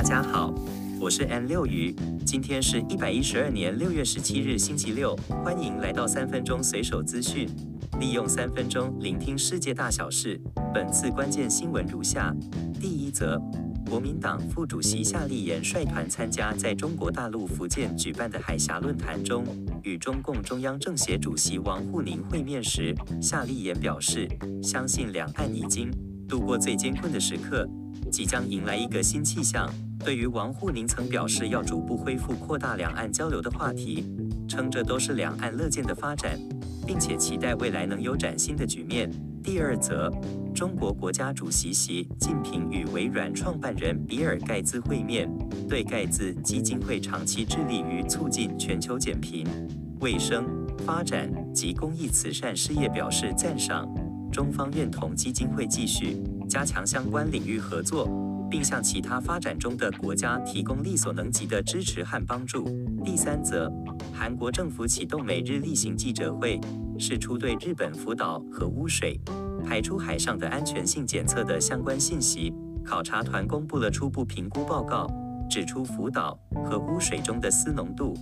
大家好，我是安六魚，今天是一百一十二年六月十七日星期六，歡迎來到三分鐘隨手資訊，利用三分鐘聆聽世界大小事。本次關鍵新聞如下：第一則，國民黨副主席夏立言率團參加在中國大陸福建舉辦的海峽論壇中，與中共中央政協主席王滬寧會面時，夏立言表示，相信兩岸已經度過最艱困的時刻，即將迎來一個新氣象。對於王滬寧曾表示要逐步恢復擴大兩岸交流的話題，稱這都是兩岸樂見的發展，並且期待未來能有嶄新的局面。第二則，中國國家主席習近平與微軟創辦人比爾·蓋茨會面，對蓋茨基金會長期致力於促進全球減貧、衛生、發展及公益慈善事業表示讚賞，中方願同基金會繼續加強相關領域合作。並向其他發展中的國家提供力所能及的支持和幫助。第三則，韓國政府啟動每日例行記者會，釋出對日本福島核污水排出海上的安全性檢測的相關信息。考察團公布了初步評估報告，指出福島核污水中的鍶濃度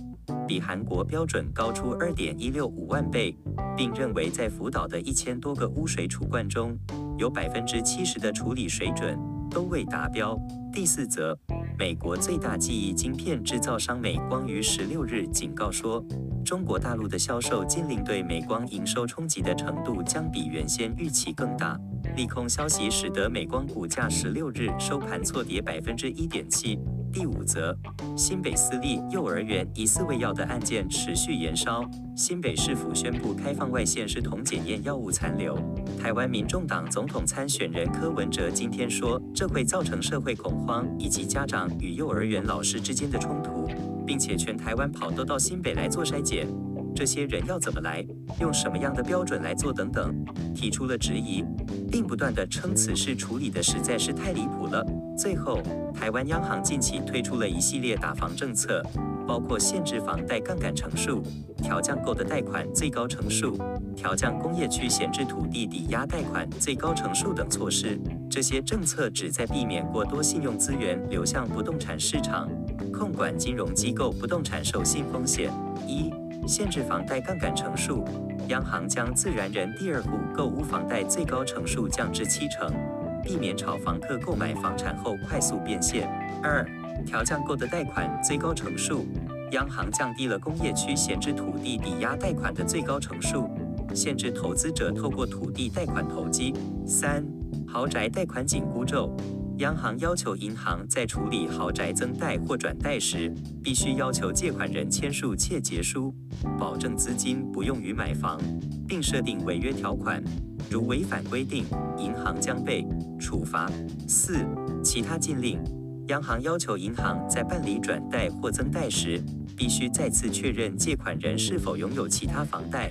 比韓國標準高出二點一六五萬倍，並認為在福島的一千多個污水儲罐中，有百分之七十的處理水準。都未達標。第四則，美國最大記憶晶片製造商美光於十六日警告說，中國大陸的銷售禁令對美光營收衝擊的程度將比原先預期更大。利空消息使得美光股價十六日收盤挫跌百分之一點七。第五則，新北私立幼兒園疑似餵藥的案件持續延燒，新北市府宣布開放外縣市童檢驗藥物殘留。台灣民眾黨總統參選人柯文哲今天說，這會造成社會恐慌，以及家長與幼兒園老師之間的衝突，並且全台灣跑都到新北來做篩檢。這些人要怎麼來？用什麼樣的標準來做？等等，提出了質疑，並不斷地稱此事處理的實在是太離譜了。最後，台灣央行近期推出了一系列打房政策，包括限制房貸槓桿成數、調降購的貸款最高成數、調降工業區閒置土地抵押貸，貸款最高成數等措施。這些政策旨在避免過多信用資源流向不動產市場，控管金融機構不動產授信風險。一、限制房貸槓桿成數，央行將自然人第二股購屋房貸最高成數降至七成，避免炒房客購買房產後快速變現。二、調降購的貸款最高成數，央行降低了工業區閒置土地抵押貸款的最高成數，限制投資者透過土地貸款投機。三、豪宅貸款緊箍咒。央行要求銀行在處理豪宅增貸或轉貸時，必須要求借款人簽署切結書，保證資金不用於買房，並設定違約條款。如違反規定，銀行將被處罰。四、其他禁令：央行要求銀行在辦理轉貸或增貸時，必須再次確認借款人是否擁有其他房貸。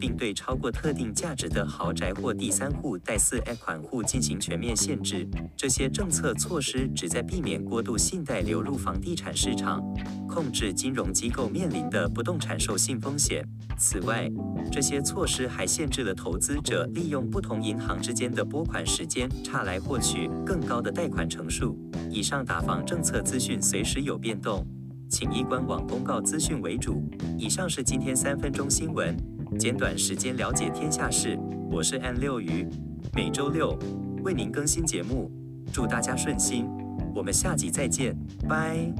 並對超過特定價值的豪宅或第三戶貸四款戶進行全面限制。這些政策措施旨在避免過度信貸流入房地產市場，控制金融機構面臨的不動產授信風險。此外，這些措施還限制了投資者利用不同銀行之間的撥款時間差來獲取更高的貸款成數。以上打房政策資訊隨時有變動，請以官網公告資訊為主。以上是今天三分鐘新聞。簡短時間了解天下事，我是 M 六魚，每周六為您更新節目，祝大家順心，我們下集再見，拜。